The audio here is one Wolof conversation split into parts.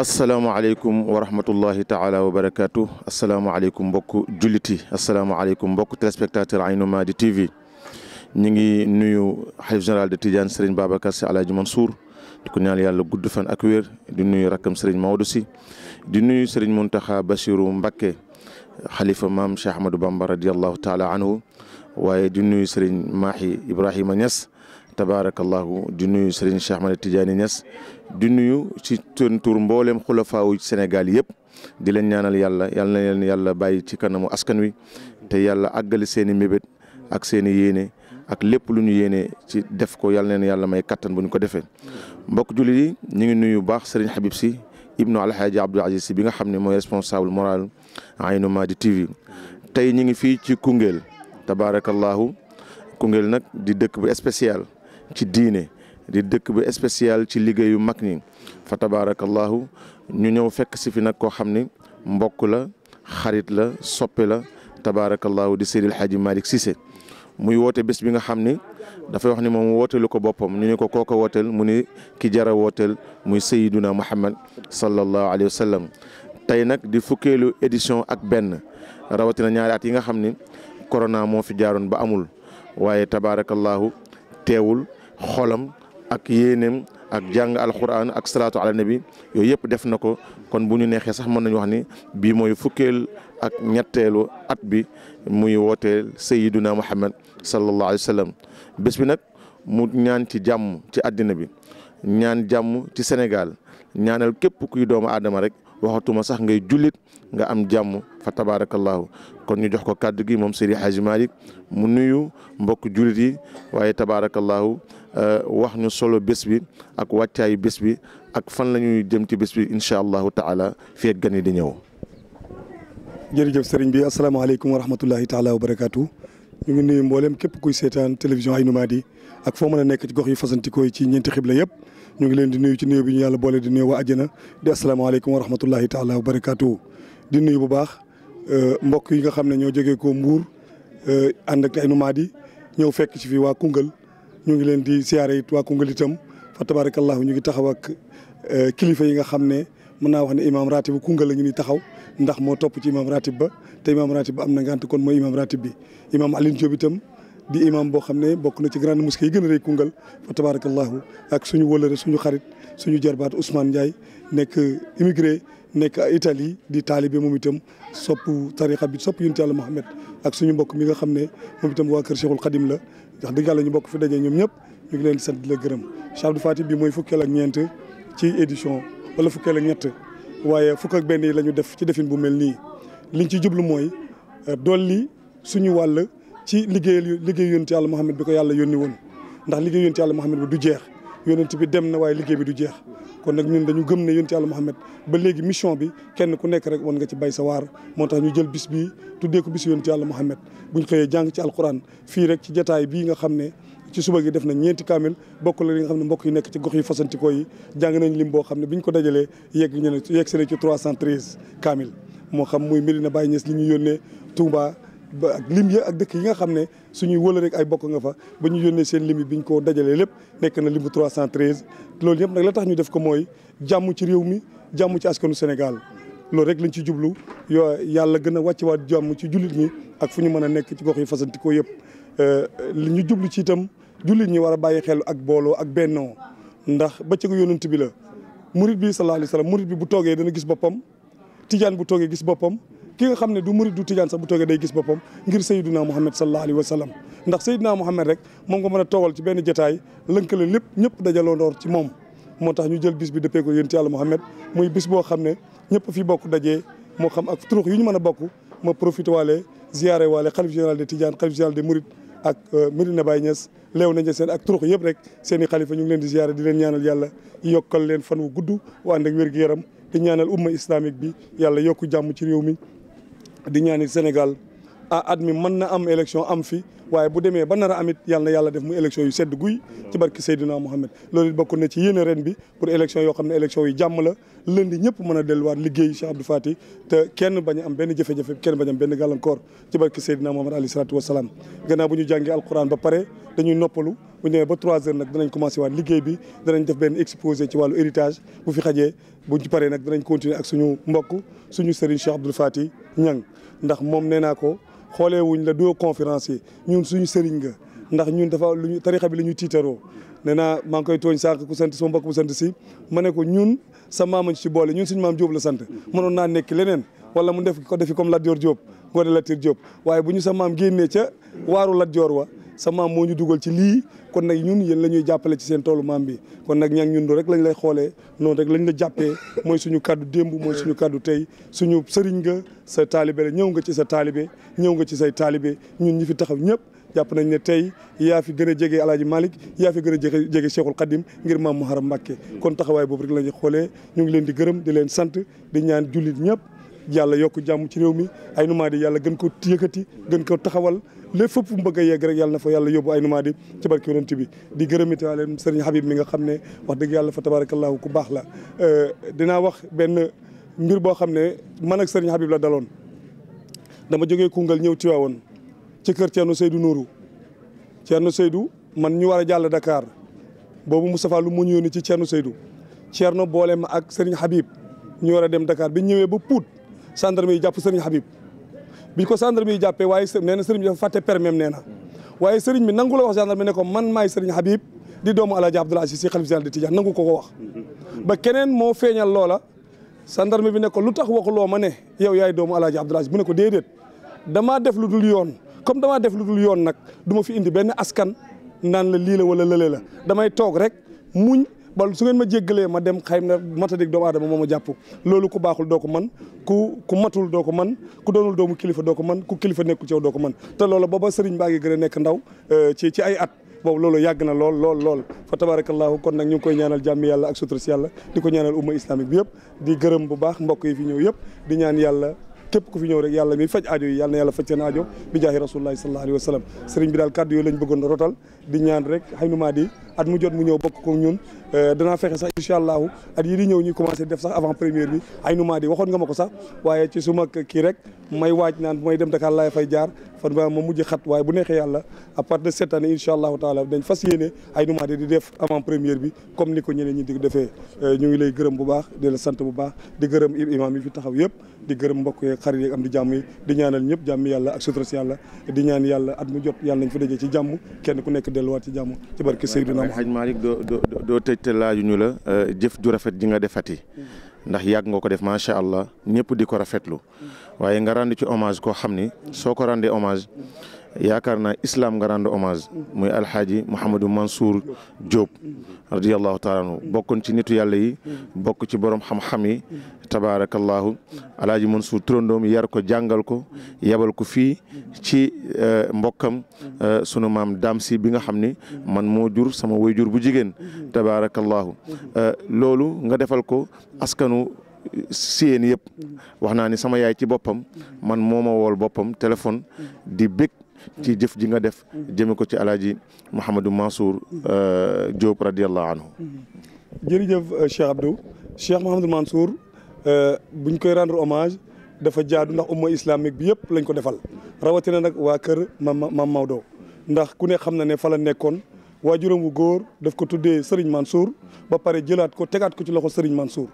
asalaamaaleykum wa rahmatullahi taala wa barakaatu asalaamaaleykum mbokku julliti asalaamaaleykum mbokku téléspectateur Aynou Mady TV ñu ngi nuyu xalif général de Tidiane Serigne Babacar Sy Alaaji Mansour di ko ñaan yàlla gudd fan ak wér di nuyu rakkam Serigne Maodo Sy di nuyu Serigne Mountakha Bassirou Mbacké xalifa maam Cheikh Ahmadou Bamba radiallahu taala anhu waaye di nuyu Serigne Mahi Ibrahima Niass tabaarakallahu di nuyu Serigne Cheikh Ahmad Tidiane di nuyu ci seen tur mbooleem ci Sénégal yëpp di leen ñaanal yàlla yàlla na leen yàlla bàyyi ci kanamu askan wi te yàlla àggali seeni mbébét ak seen i yéene ak lépp lu ñu yéene ci def ko yalla na leen yàlla may kattan bu ñu ko defee. mbokk jullit yi ñu ngi nuyu baax Serigne Habib si ibnu Alhaji Abdou Aziz Sy bi nga xam ne mooy responsable moral Aynou Mady TV tey ñu ngi fii ci Koungheul tabaarakallahu Koungheul nag di dëkk bu spécial ci diine. di dëkk bi spécial ci liggéeyu mag ñi fa tabaarakallaahu ñu ñëw fekk si fi nag koo xam ni mbokk la xarit la soppe la tabaarakallaahu di Seydil Hadji Malick Cissé muy woote bés bi nga xam ni dafay wax ni moom wooteelu ko boppam ñu ne ko kooko wooteel mu ni ki jara wooteel muy Seydina Muhammad sallallahu alayhi wa sallam tey nag di fukkeelu édition ak benn rawatina ñaari at yi nga xam ni corona moo fi jaaroon ba amul waaye tabaarakallaahu teewul xolam ak yéeneem ak jàng alquran ak salaatu ala nabi yooyu yëpp def na ko kon bu ñu neexee sax mën nañu wax ni bii mooy fukkeel ak ñetteelu at bi muy wooteel sayiduna muhammad sallallahu alayhi wa sallam bés bi nag mu ñaan ci jàmm ci àddina bi ñaan jàmm ci Sénégal ñaaneel képp kuy doomu aadama rek waxatuma sax ngay jullit nga am jàmm fa tabaarakallaahu kon ñu jox ko kàddu gi moom Seydi Hadji Malick mu nuyu mbokk jullit yi waaye tabaarakallaahu euh, wax ñu solo bés bi ak wàccaayu bés bi ak fan la ñuy jëm ci bés bi incha allahu taala feeg gan yi di ñëw. jërëjëf sëriñ bi asalaamaaleykum wa rahmatullahi taala wa barakaatu. ñu ngi nuyu mbooleem képp kuy seetaan télévision Aynou Mady ak foo mën a nekk ci gox yu fasantikoo yi ci ñeenti xibla yëpp ñu ngi leen di nuyu ci nuyu bi ñu yàlla boole di nuyu waa àjjana di asalaamaaleykum wa rahmatullahi taala wa barakaatu. di nuyu bu baax euh, mbokk yi nga xam ne ñoo jógee ko mbuur euh, ànd ak Aynou Mady ñëw fekk ci fi waa Koungheul ñu ngi leen di siyaare it waa Koungheul itam fa tabarakallahu ñu ngi taxaw ak euh, kilifa yi nga xam ne mën naa wax ne imaam raatibu Koungheul la ñu ni taxaw ndax moo topp ci imam ratib ba te imam ratib ba am na ngant kon mooy imam ratib bi imam Alioune Diop itam di imam boo xam ne bokk na ci grande mosquée yi gën a rëy Koungheul fa tabarakallahu ak suñu wëlëre suñu xarit suñu jarbaat Ousmane Ndiaye nekk immigré nekk Italie di taalibe moom itam sopp tarixa bi sopp yonent mu Muhammad ak suñu mbokk mi nga xam ne moom itam waa kër Cheikhul Khadim la wax dëgg Yàlla ñu bokk fi daje ñoom ñëpp ñu ngi leen di sant di la gërëm Cheikh Abdou Fatih bi mooy fukkeel ak ñeent ci édition wala fukkeel ak ñett waaye fukk ak benn yi la ñu def ci defin bu mel nii liñ ci jublu mooy euh, dolli suñu wàll ci liggéey liggéey yonent yàlla Muhammad bi ko yàlla yónni ndax liggéey yonent yàlla Muhammad bi du jeex yonent bi dem na waaye liggéey bi du jeex kon nag ñun dañu gëm ne yonent yàlla Muhammad ba léegi mission bi kenn ku nekk rek wan nga ci bay sa waar moo tax ñu jël bis bii tuddee ko bis yonent yàlla Muhammad buñ xëyee jàng ci alquran fii rek ci jataay bii nga xam ne ci suba gi def nañ ñeenti kaamil bokk la li nga xam ne mbokk yi nekk ci gox yi fasantikoo yi jàng nañ lim boo xam ne bi ñu ko dajalee yegg ñu ne yegg si ci 313 kaamil moo xam muy Medina Baye Niass li ñu yónnee Touba ba ak lim ya ak dëkk yi nga xam ne suñuy wëla rek ay bokk nga fa ba ñu yónnee seen lim yi bi ñu ko dajalee lépp nekk na cent 313 loolu yëpp nag la tax ñu def ko mooy jàmm ci réew mi jàmm ci askanu Sénégal loolu rek lañu ci jublu yoo yàlla gën a wàcc waat jàmm ci jullit ñi ak fu ñu mën a nekk ci gox yi fasantikoo yëpp euh, li ñu jublu ci itam jullit ñi war a bàyyi xel ak booloo ak bennoo ndax bëccëgu yonent bi la murit bi sa alayhi wasallam murit bi bu toogee dana gis boppam tijaan bu toogee gis boppam ki nga xam ne du murit du tijaan sax bu toogee day gis boppam ngir sayyiduna muhammad sallallahu alayhi wasallam ndax sayyiduna muhammad rek moom nga mën a toogal ci benn jotaay lënkale lépp ñëpp dajaloo ndoor ci moom moo tax ñu jël bis bi dëppee ko yonent yàlla muhammad mooy bis boo xam ne ñëpp fi bokk dajee moo xam ak turux yu ñu mën a bokk ma profité waale ziare waale xalif général de Tidiane xalif général de Mouride ak euh, Medina Baye lew leew nañ seen ak turux yëpp rek seen i xalifa ñu leen di ziare di leen ñaanal yàlla yokkal leen fan wu gudd wa ànd ak wér yaram di ñaanal umma islamique bi yàlla yokk jàmm ci réew mi di ñaani Sénégal ah at mi mën na am élection am fi waaye bu demee ba nar amit yàlla yàlla def mu élection yu sedd guy ci barki Seydina Mohamed loolu it bokk na ci yéene ren bi pour élection yoo xam ne élection yu jàmm la lundi ñëpp mën a delluwaat liggéey Cheikh Abdou Fati te kenn bañ a am benn jafe-jafe kenn bañ am benn gàllankoor ci barki Seydina Mohamed alayhi salaatu wasalaam gannaaw bu ñu jàngee alquran ba pare dañuy noppalu bu ñu demee ba trois heures nag danañ commencé waat liggéey bi danañ def benn exposé ci wàllu héritage bu fi xajee bu paree nag danañ continuer ak suñu mbokk suñu sëriñ Cheikh Abdou Fati Niang ndax moom nee naa ko xoolee wuñ la doo conférencier ñun suñu sëriñ nga ndax ñun dafa lu ñu tarixa bi la ñu tiitaroo nee naa maa ngi koy tooñ sànq ku sant sama mbokk sant si ma ne ko ñun sa maamañ ci boole ñun suñu maam Diop la sant mënoon naa nekk leneen wala mun def ko defi comme Lat Dior Diop Ngoné Latyr Diop waaye bu ñu sa maam génnee ca waaru Lat wa sa maam moo ñu dugal ci lii kon nag ñun yéen la ñuy jàppale ci seen toolu maam bi kon nag ña ñun rek lañ lay xoolee noonu rek lañu la jàppee mooy suñu kàddu démb mooy suñu kaddu tey suñu sëriñ nga sa taalibe la ñëw nga ci sa taalibe ñëw nga ci say taalibe ñun ñi fi taxaw ñëpp jàpp nañ ne tey yaa fi gën a jege El Hadj Malick yaa gën a jege Cheikhul Khadim ngir maam Muharram Mbacké kon taxawaay boobu rek la ñuy xoolee ñu ngi leen di gërëm di leen sant di ñaan jullit ñëpp yàlla yokk jàmm ci réew mi ay numaa yàlla gën ko yëkkati gën ko taxawal lépp fépp mu bëgg a yegg rek yàlla na fa yàlla yóbbu ay numaa di ci barke yonent bi di gërëmite waale sëriñ Habib mi nga xam ne wax dëgg yàlla fa tabarakallahu ku baax la euh, dinaa wax benn mbir boo xam ne man ak sëriñ Habib la daloon dama jógee Koungheul ñëw Tiwaawoon ci kër Thierno Seydou Nourou Thierno Seydou man ñu war a jàll dakaar boobu Moustapha Lu mu ñu yónni ci Thierno Seydou Thierno boole ma ak sëriñ Habib ñu war a dem Dakar bi ñëwee ba Pout gendarme yi jàpp sëriñ Habib biñ ko gendarme yi jàppee waaye nee na sëriñ bi fàtte permis nee na waaye sëriñ bi nangu la wax gendarme ne ko man maay sëriñ Habib di doomu Alaaji Abdoul Aziz Si xalif général di Tijaan nangu ko ko wax ba keneen moo feeñal loola gendarme bi ne lu tax waxuloo ma ne yow yaay doomu Alaaji Abdoul Aziz bu ne ko déedéet damaa def lu dul yoon comme damaa def lu dul yoon nag duma fi indi benn askan naan la lii la wala lële la damay toog rek muñ ba su ngeen ma jéggalee ma dem xayma na matadik doomu aadama moo ma jàpp loolu ku baaxul doo ko man ku ku matul doo ko man ku doonul doomu kilifa doo ko man ku kilifa nekkul ci yow doo ko man te loolu booba sëriñ baa ngi gën a nekk ndaw euh, ci ci ay at boobu loolu yàgg na lool lool lool fa tabarakallahu kon nag ñu ngi koy ñaanal jàmm yàlla ak sutura si yàlla di ko ñaanal umma islamique bi yëpp di gërëm bu baax mbokk yi fi ñëw yëpp di ñaan yàlla képp ku fi ñëw rek yàlla mi faj aajo yi yàlla na yàlla faj seen aajo bi jaahi rasulullahi sallallahu alayhi wa sallam sëriñ bi daal kàddu yooyu lañ bëggoon rotal di ñaan rek xay numaa di at mu jot mu ñew bokk ko ñun euh, dana fexé sax inshallah at yi di ñew ñu commencé def sax avant première bi ay numa di waxon nga mako sax waye ci suma ki rek may waaj naan may dem Dakar lay fay jaar fan ba ma mujj xat waye bu neexee yalla a part de cette année inshallah taala dañ fasiyene ay numa di def avant première bi comme ni ñene ñi di defé euh, ñu ngi lay gërëm bu baax di la sante bu baax di gërëm imam yi fi taxaw yépp di gërëm mbokk yi xarit yi am di jamm yi di ñaanal ñëpp jamm yalla ak sutura yalla di ñaan yalla at mu jot yalla nañ fi dajee ci jamm kenn ku nekk wat ci jamm ci barke sayyidina El Hadj Malick doo doo doo tëj te laajuñu euh, jëf ju rafet ji nga defati ndax yàgg nga ko def macha allah ñëpp di ko rafetlu mm. waaye nga rend ci hommage koo xam ni soo ko rendee hommage yaakaar naa islam nga rendre hommage muy alxaaji Mouhamadou Mansour Diop radiallahu taala anhu bokkoon ci nitu yàlla yi bokk ci borom xam-xam yi tabaarakallahu alaaji Mansour turandoom yar ko jàngal ko yebal ko fii ci eh, mbokkam eh, sunu maam daam si bi nga xam ni man moo jur sama wayjur bu jigéen tabaarakallahu eh, loolu nga defal ko askanu siyeen yëpp wax naa ni sama yaay ci boppam man moo ma boppam téléphone di bég ci jëf ji nga def jëme ko ci alaaji Mouhamadou Mansour euh, Diop radiallahu anhu jërëjëf euh, Cheikh Abdou Cheikh Mouhamadou Mansour euh, buñ koy rendre hommage dafa jaadu ndax umma islamique bi yëpp lañ ko defal rawatina nag waa kër mam mam Maodo ndax ku ne xam na ne fa la nekkoon waajuram wu góor daf ko tuddee Serigne Mansour ba pare jëlaat ko tegaat ko ci loxo Serigne Mansour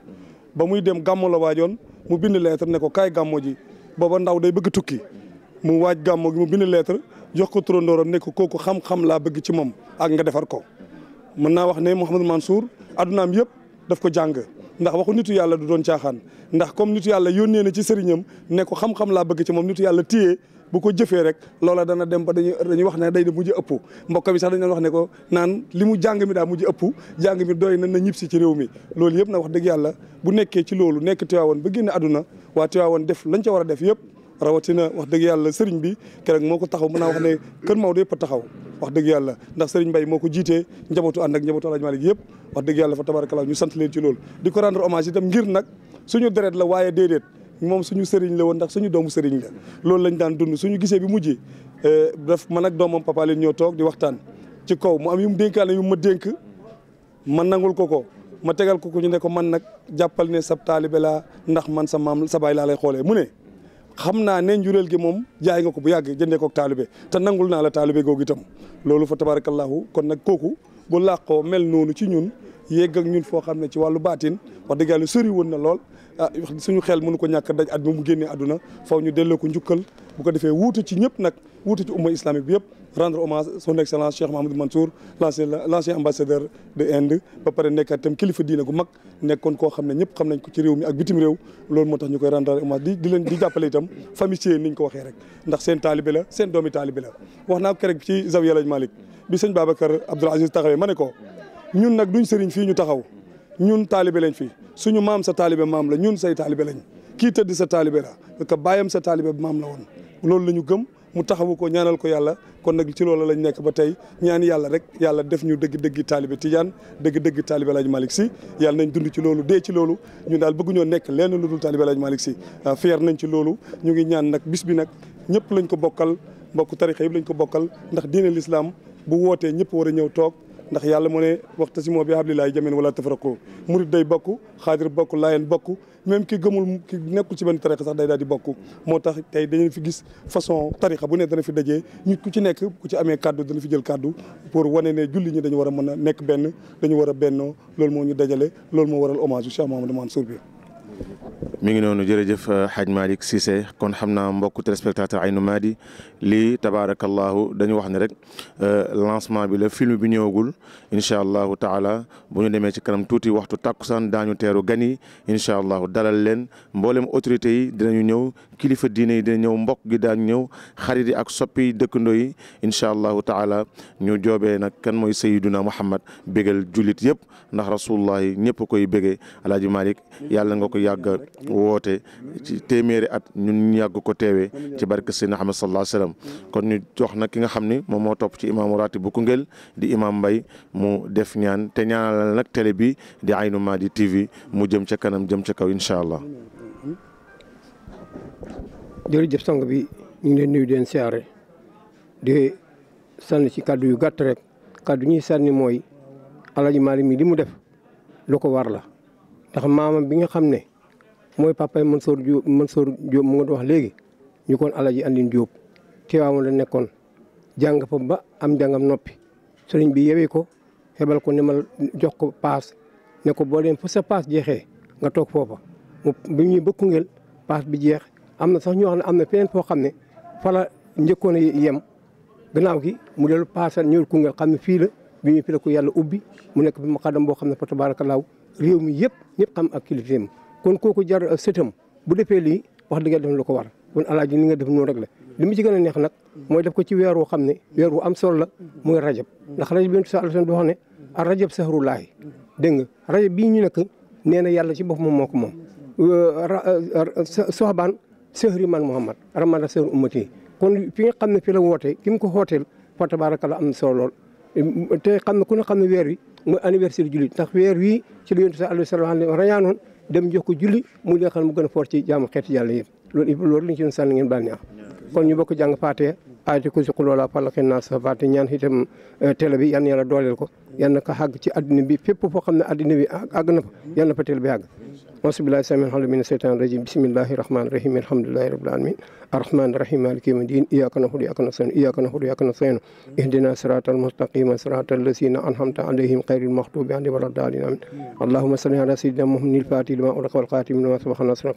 ba muy dem gàmmo la waajoon mu bind lettre ne ko kaay gàmmo ji booba ndaw day bëgg tukki mu waaj gàmmoo gi mu bind lettre jox ko turandooram ne kooku xam-xam laa bëgg ci moom ak nga defar ko. mën naa wax ne Mouhamadou Mansour addunaam yëpp daf ko jàng ndax waxu nitu yàlla du doon caaxaan ndax comme nitu yàlla yónnee na ci sëriñam ne ko laa bëgg ci moom nitu yàlla téye. bu ko jëfee rek loola dana dem ba dañuy dañuy wax ne day de mujj ëpp mbokk mi sax dañu wax ne ko naan li mu jàng mi daa mujj ëpp jàng mi doy na na ñib si ci réew mi loolu yëpp na wax dëgg yàlla bu nekkee ci loolu nekk Tiwaawoon ba génn àdduna waa Tiwaawoon def lañ ca war a def yëpp rawatina wax dëgg yàlla sëriñ bi keroog moo ko taxaw mën a wax ne kër Maodo yëpp taxaw wax dëgg yàlla ndax sëriñ Mbaye moo ko jiitee njabootu ànd ak njabootu Alaaji Maalik yëpp wax dëgg yàlla fa tabarakallaa ñu sant leen ci loolu di ko rendre hommage itam ngir nag suñu deret la waaye déedéet moom suñu sëriñ la woon ndax suñu doomu sëriñ la loolu lañ daan dund suñu gisee bi mujjee eh, daf man nag doomam papa leen ñoo toog di waxtaan ci kaw mu am yu mu dénkaane yu ma dénk ma nangul ko ko ma tegal ko ko ñu ne ko man nag jàppal ne sab taalibe laa ndax man maam sa baay laa lay xoolee mu ne xam naa ne njureel gi moom jaay nga ko bu yàgg jëndee ko taalibe te nangul naa la taalibe googu itam loolu fa tabarakallahu kon nag kooku bu làqoo mel noonu ci ñun yegg ak ñun foo xam ne ci wàllu baatin wax dëgg yàlla sori woon na lool suñu xel mënu ko ñàkk daj at mu génné aduna faaw ñu delloo ko ñukkal bu ko défé wuute ci ñëpp nak wuute ci umma islamique bi yëpp rendre hommage son excellence Cheikh Mahamadou Mansour l'ancien l'ancien ambassadeur de Inde ba pare nekkaat itam kilifa diine gu mag nekkon ko xamné ñëpp xam nañ ko ci réew mi ak bitim réew loolu motax ñukoy rendre hommage di di leen di jàppale itam famille niñ ko waxé rek ndax sen talibé la sen doomi talibé la waxna ko rek ci zawiya Laaj Malick bi sëñ babakar abdou Aziz taxawé mané ko ñun nak duñ sëriñ fi ñu taxaw ñun taalibe lañ fi suñu maam sa taalibe maam la ñun say taalibe lañ kii tëdd sa taalibe la sa taalibe maam la woon loolu la ñu gëm mu taxawu ko ñaanal ko yàlla kon nag ci loolu lañ nekk ba tey ñaan yàlla rek yàlla def ñu dëgg-dëgg taalibe Tijaan dëgg-dëgg taalibe Laaj Malick Si yàlla nañ dund ci loolu dee ci loolu ñun daal bëgguñoo nekk lenn lu dul taalibe Laaj Malick Si ah, fier nañ ci loolu ñu ñaan nag bis bi nag ñëpp lañ ko bokkal mbokk tarixa yëpp lañ ko bokkal ndax diine lislaam bu wootee ñëpp war a ñëw toog ndax yalla mo ne waxtasimu bi hablillahi jamin wala tafarqo murid day bokk xaadir bokk laayeen bokk même ki gëmul ki nekkul ci benn tarixa sax day daal di bokk moo tax dañu fi gis façon tariqa bu ne dañu fi dajee nit ku ci nekk ku ci amé cadeau dañu fi jël cadeau pour wane ne julli ñi dañu wara a nekk ben dañu wara benno lool mo ñu dajale lool mo waral hommage Cheikh mohammed man sourbi mi ngi noonu jërëjëf euh, Hadj Malick Cissé kon xam naa mbokku téléspectateur Aynou Mady lii tabaarakallahu dañu wax ne rek euh, lancement bi la film bi ñëwagul incha allahu taala bu ñu demee ci kanam tuuti waxtu takkusaan daañu teeru gan yi incha allahu dalal leen mboolem autorités yi dinañu ñëw kilifa diine yi dina ñëw mbokk gi daañu ñëw xarit yi ak soppi dëkkandoo yi incha allahu taala ñu joobee nag kan mooy Sayyiduna Muhammad bégal jullit yëpp ndax rasulullahi ñëpp koy bégee Alaaji Malick yàlla nga ko yàgg wote ci téméré at ñun yàgg ko téwé ci barké Seydina Ahmad sallallahu alayhi Wasallam. kon ñu jox nak ki nga xamni mom mo top ci imam rati bu di Imam Bayi mu def ñaan te ñaanal nak télé bi di ma madi TV mu jëm ci kanam jëm ci kaw inshallah allah. jëf sang bi ñu leen nuyu di siaré siyaare di sànni ci kaddu yu gatt rek kaddu ñi sanni moy Alaaji malimi mi def loko war la ndax mamam bi nga xamne mooy papa Mansour Diop Mansour Diop mu nga wax léegi ñu kon koon Alaaji Andin Diop Tiwaawoon la nekkoon jàng fa ba am jàngam noppi sëriñ bi yewee ko xebal ko ne ma jox ko paas ne ko boo dem fa sa paas jeexee nga toog foofa mu bi ñuy ba ngel paas bi jeex am na sax ñoo xam ne am na feneen foo xam ne fala la njëkkoon a yem gannaaw gi mu dellu paasal ñëwul Koungheul xam ne fii la bi ñu fi la ko yàlla ubbi mu nekk bi ma xadam boo xam ne fa tabaarakallaaw réew mi yëpp ñëpp xam ak kilifteem kon kooku jar sëtam bu defee lii wax dëgg def na lu ko war kon alaaji ni nga def noonu rek la li mu ci gën a neex nag mooy def ko ci weer woo xam ne weer wu am solo la muy rajab ndax rajab bi sa àlsan bi wax ne a rajab saxarullaahi dégg nga rajab bii ñu nekk nee na yàlla ci bopp moom moo ko moom soxbaan sëhri man muhammad ramada sëhri ummati kon fi nga xam ne fi la wootee ki mu ko xooteel fa tabaarakala am na solo lool te xam ne ku ne xam ne weer wi mooy anniversaire jullit ndax weer wii ci la yonent bi sallallahu alayhi wa sallam dem jox ko julli mu neexal mu gën a fort ci jaamu xeeti yàlla yëpp loolu it loolu lañ ci doon sànni ngeen baal ñaax kon ñu bokk jàng Faatiha aati ko suq loola fàlla xen naa sa faate ñaan itam euh, télé bi yal yala dooleel ko yal na ko àgg ci àddina bi fépp foo xam ne àddina bi àgg na fa yal na fa télé bi àgg أعوذ بالله السميع العليم من الشيطان الرجيم بسم الله الرحمن الرحيم الحمد لله رب العالمين الرحمن الرحيم مالك يوم الدين إياك نعبد وإياك نستعين إياك نعبد وإياك نستعين اهدنا صراط المستقيم صراط الذين أنعمت عليهم غير المغضوب عليهم ولا الضالين آمين اللهم صل على سيدنا محمد الفاتح لما أغلق والقاتم لما سبق الناصر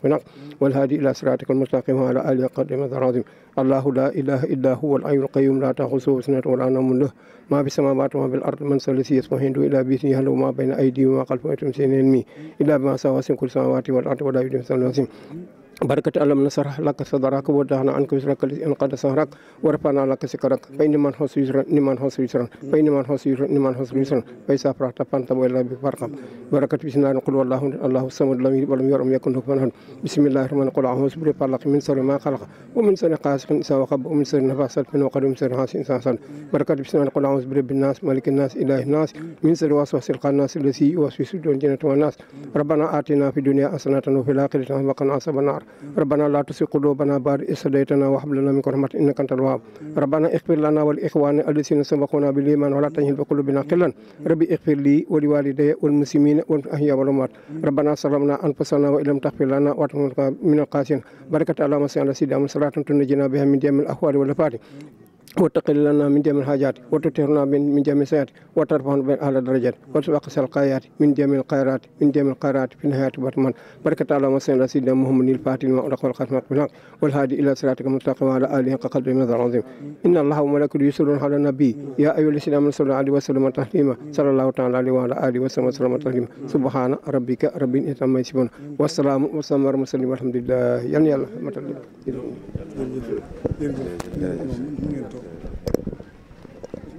والهادي إلى صراطك المستقيم وعلى آله وقدم العظيم allahu laa ilaha illa huwa al hayyul qayyum laa taaxusuhu sinatun walaa nawmun lahu maa fi samaawaati wa maa fil ard man sallazii yashfa'u 'indahu illaa bi'iznihii ya'lamu maa bayna aydiihim wa maa khalfahum wa laa yuhiituuna bi shay'in min ilmihi illaa bimaa shaa'a wa wasi'a kullu samaawaati wal ardi wa laa yuhiituuna bi shay'in بركة ألم نصرح لك صدرك ودهنا عنك وزرك إن قد صهرك ورفعنا لك سكرك بين من هو يسرا نمن هو يسرا بين من هو يسرا نمن حس يسرا فإذا فرحت فانتم إلى بفرقم بركة بسم الله نقول والله الله الصمد لم يلد ولم يرم يكن له بسم الله الرحمن نقول أعوذ برب الفلق من شر ما خلق ومن شر قاسق إذا وقب ومن شر نفاس في وقد ومن شر حاسد إذا حسد بركة بسم الله نقول أعوذ برب الناس ملك الناس إله الناس من شر وسوس الناس الذي يوسوس في صدور والناس ربنا آتنا في الدنيا حسنة وفي الآخرة حسنة وقنا عذاب النار ربنا لا تسق قلوبنا بعد إذ هديتنا وهب لنا من رحمة إنك أنت الوهاب ربنا اغفر لنا ولإخواننا الذين سبقونا بالإيمان ولا تجعل في قلوبنا غلا ربي اغفر لي ولوالدي والمسلمين والأحياء والأموات ربنا سلمنا أنفسنا وإن لم تغفر لنا وترحمنا من القاسين بركة اللهم صل على سيدنا محمد صلاة تنجينا بها من ديام الأهوال والأفات وتقل لنا من جميع الحاجات وتطهرنا من جميع السيئات وترفعنا بين أهل الدرجات وتبقس القايات من جميع القيرات من جميع القيرات في نهاية برمان بركة الله وسلم سيدنا محمد الفاتح المغرق والخاتم بالحق والهادي إلى صراطك المستقيم وعلى آله حق قدره من العظيم إن الله وملائكته يسرون على النبي يا أيها الذين آمنوا صلوا عليه وسلم تسليما صلى الله تعالى عليه وعلى آله وسلم وسلم تسليما سبحان ربك رب العزة عما يصفون والسلام والسلام على المرسلين والحمد لله يعني الله